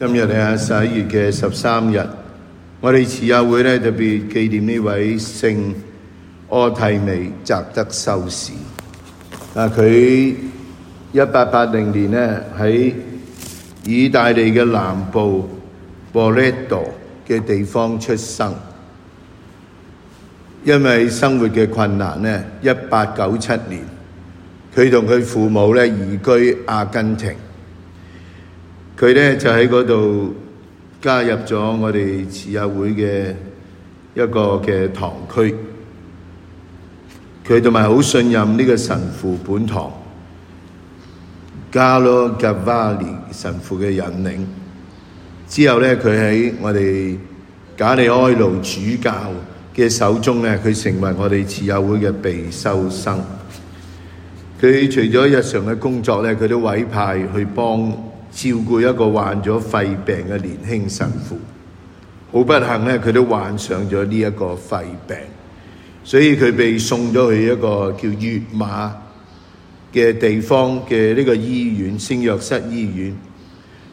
今日係十一月嘅十三日，我哋慈幼會呢特別紀念呢位聖柯蒂美澤德修士。啊，佢一八八零年呢喺意大利嘅南部博雷多嘅地方出生。因為生活嘅困難呢，一八九七年佢同佢父母呢移居阿根廷。佢呢就喺嗰度加入咗我哋慈幼會嘅一個嘅堂區，佢同埋好信任呢個神父本堂 Gallo Gavalli 神父嘅引領。之後呢，佢喺我哋賈利埃路主教嘅手中呢，佢成為我哋慈幼會嘅備修生。佢除咗日常嘅工作呢，佢都委派去幫。照顧一個患咗肺病嘅年輕神父，好不幸咧，佢都患上咗呢一個肺病，所以佢被送咗去一個叫越馬嘅地方嘅呢個醫院，聖約瑟醫院，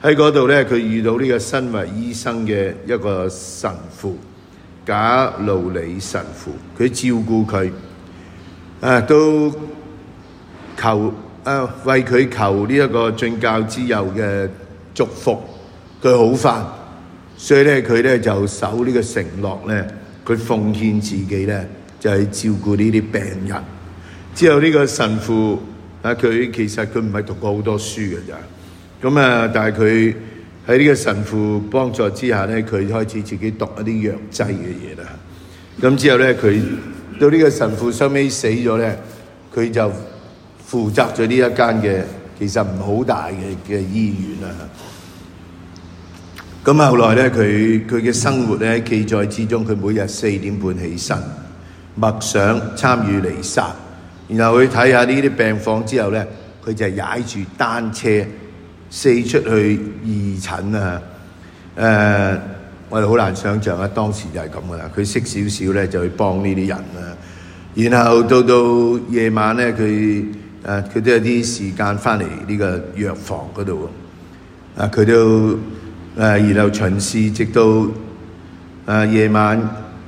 喺嗰度咧，佢遇到呢個身為醫生嘅一個神父，假路里神父，佢照顧佢，誒都求。誒為佢求呢一個進教之佑嘅祝福，佢好返，所以咧佢咧就守呢個承諾咧，佢奉獻自己咧就係照顧呢啲病人。之後呢個神父啊，佢其實佢唔係讀過好多書嘅咋，咁啊，但係佢喺呢個神父幫助之下咧，佢開始自己讀一啲藥劑嘅嘢啦。咁之後咧，佢到呢個神父收尾死咗咧，佢就。負責咗呢一間嘅，其實唔好大嘅嘅醫院啊。咁、嗯、後來咧，佢佢嘅生活咧，記載之中，佢每日四點半起身，默想參與彌撒，然後去睇下呢啲病房之後咧，佢就踩住單車四出去義診啊。誒、呃，我哋好難想象啊，當時就係咁噶啦。佢識少少咧，就去幫呢啲人啦、啊。然後到到夜晚咧，佢。誒佢，啊、都有啲時間翻嚟呢個藥房嗰度啊，佢都誒然後巡視，直到誒、啊、夜晚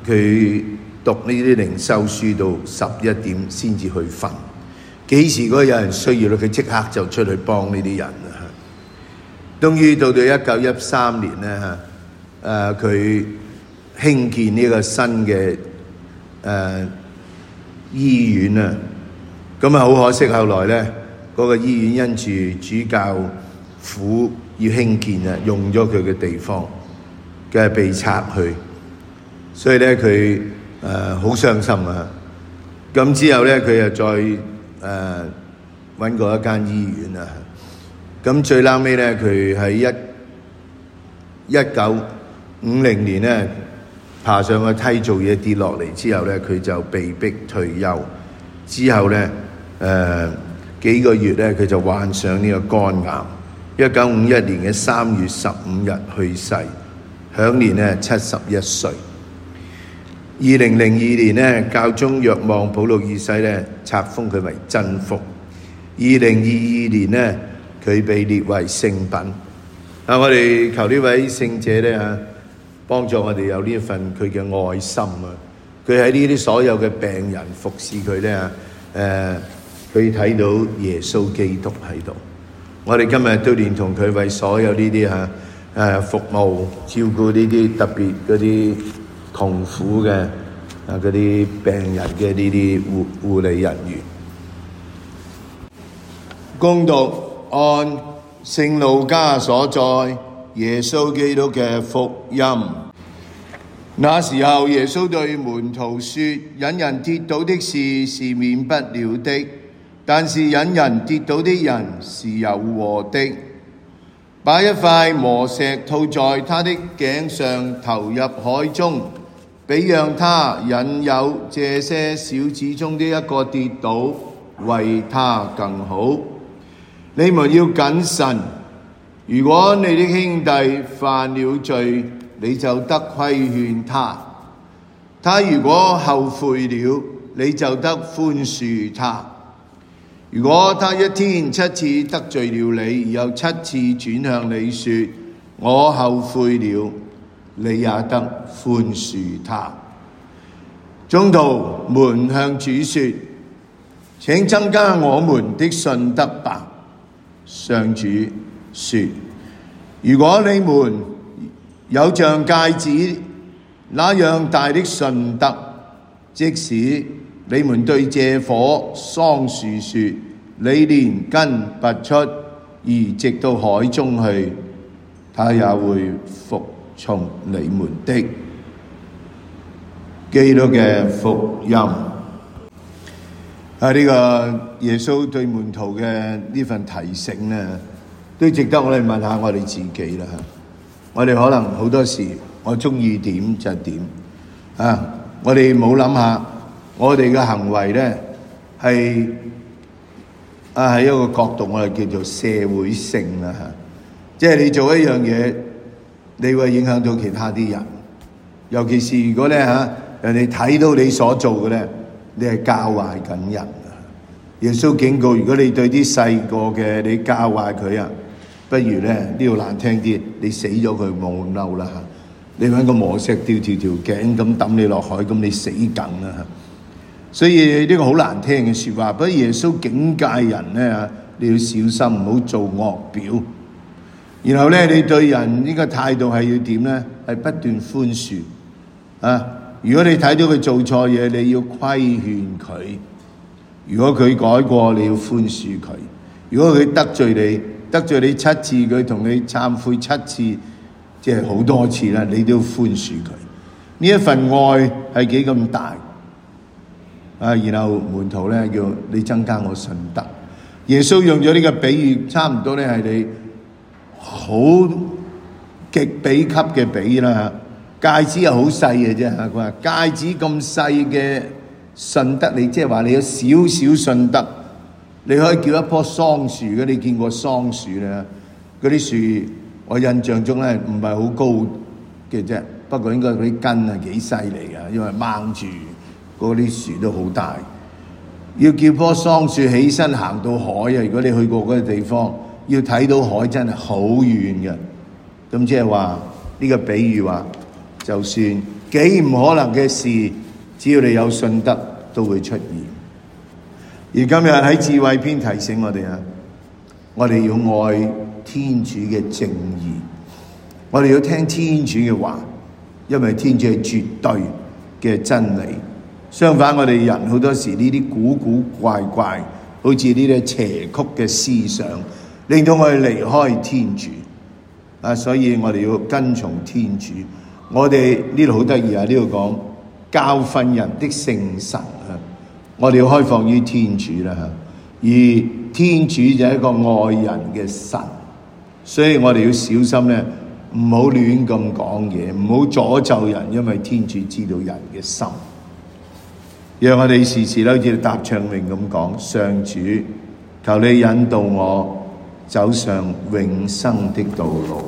佢讀呢啲靈修書到十一點先至去瞓。幾時果有人需要咧，佢即刻就出去幫呢啲人啊！終於到到一九一三年咧嚇，誒佢興建呢個新嘅誒、啊、醫院啊！咁啊，好可惜！後來咧，嗰個醫院因住主教府要興建啊，用咗佢嘅地方，嘅被拆去，所以咧佢誒好傷心啊！咁之後咧，佢又再誒搵過一間醫院啊！咁最後尾咧，佢喺一一九五零年咧爬上個梯做嘢跌落嚟之後咧，佢就被迫退休，之後咧。誒，幾個月咧，佢就患上呢個肝癌。一九五一年嘅三月十五日去世，享年咧七十一歲。二零零二年咧，教宗若望保禄二世咧冊封佢為真福。二零二二年咧，佢被列為聖品。啊，我哋求呢位聖者咧啊，幫助我哋有呢一份佢嘅愛心啊！佢喺呢啲所有嘅病人服侍佢咧啊，誒。可以睇到耶穌基督喺度。我哋今日都連同佢為所有呢啲嚇誒服務、照顧呢啲特別，嗰啲窮苦嘅啊嗰啲病人嘅呢啲護護理人員。恭讀按聖路加所載，耶穌基督嘅福音。那時候，耶穌對門徒説：引人跌倒的事是免不了的。但是引人跌倒的人是有禍的，把一塊磨石套在他的頸上，投入海中，比讓他引誘這些小子中的一個跌倒，為他更好。你們要謹慎，如果你的兄弟犯了罪，你就得規勸他；他如果後悔了，你就得寬恕他。如果他一天七次得罪了你，又七次轉向你說，我後悔了，你也得寬恕他。宗徒們向主說，請增加我們的信德吧。上主說，如果你們有像芥子那樣大的信德，即使你們對這棵桑樹說：你連根拔出，移植到海中去，它也會服從你們的。基督嘅福音啊！呢個耶穌對門徒嘅呢份提醒咧，都值得我哋問下我哋自己啦。我哋可能好多時，我中意點就點啊！我哋冇諗下。我哋嘅行為咧，係啊喺一個角度，我哋叫做社會性啊，即係你做一樣嘢，你會影響到其他啲人。尤其是如果咧嚇人哋睇到你所做嘅咧，你係教壞緊人。耶穌警告：如果你對啲細個嘅你教壞佢啊，不如咧呢度難聽啲，你死咗佢冇嬲啦嚇！你揾個磨石吊條條頸咁抌你落海，咁你死緊啦！所以呢、這個好難聽嘅說話，不過耶穌警戒人咧，啊，你要小心，唔好做惡表。然後咧，你對人呢個態度係要點咧？係不斷寬恕啊！如果你睇到佢做錯嘢，你要規勸佢，如果佢改過，你要寬恕佢，如果佢得罪你，得罪你七次，佢同你懺悔七次，即係好多次啦，你都要寬恕佢。呢一份愛係幾咁大？啊，然後門徒咧，叫你增加我信德。耶穌用咗呢個比喻，差唔多咧，係你好極比級嘅比喻啦。戒指又好細嘅啫，佢、啊、話戒指咁細嘅信德，你即係話你有少少信德，你可以叫一棵桑樹嘅。如果你見過桑樹咧？嗰啲樹我印象中咧，唔係好高嘅啫，不過應該嗰啲根係幾犀利噶，因為掹住。嗰啲樹都好大，要叫棵桑樹起身行到海啊！如果你去過嗰個地方，要睇到海真係好遠嘅。咁即係話，呢、這個比喻話，就算幾唔可能嘅事，只要你有信德，都會出現。而今日喺智慧篇提醒我哋啊，我哋要愛天主嘅正義，我哋要聽天主嘅話，因為天主係絕對嘅真理。相反，我哋人好多時呢啲古古怪怪，好似呢啲邪曲嘅思想，令到我哋離開天主啊！所以我哋要跟從天主。我哋呢度好得意啊！呢度講教訓人的聖神啊！我哋要開放於天主啦嚇、啊，而天主就係一個愛人嘅神，所以我哋要小心咧，唔好亂咁講嘢，唔好詛咒人，因為天主知道人嘅心。讓我哋時時都好似答唱詠咁講，上主，求你引導我走上永生的道路。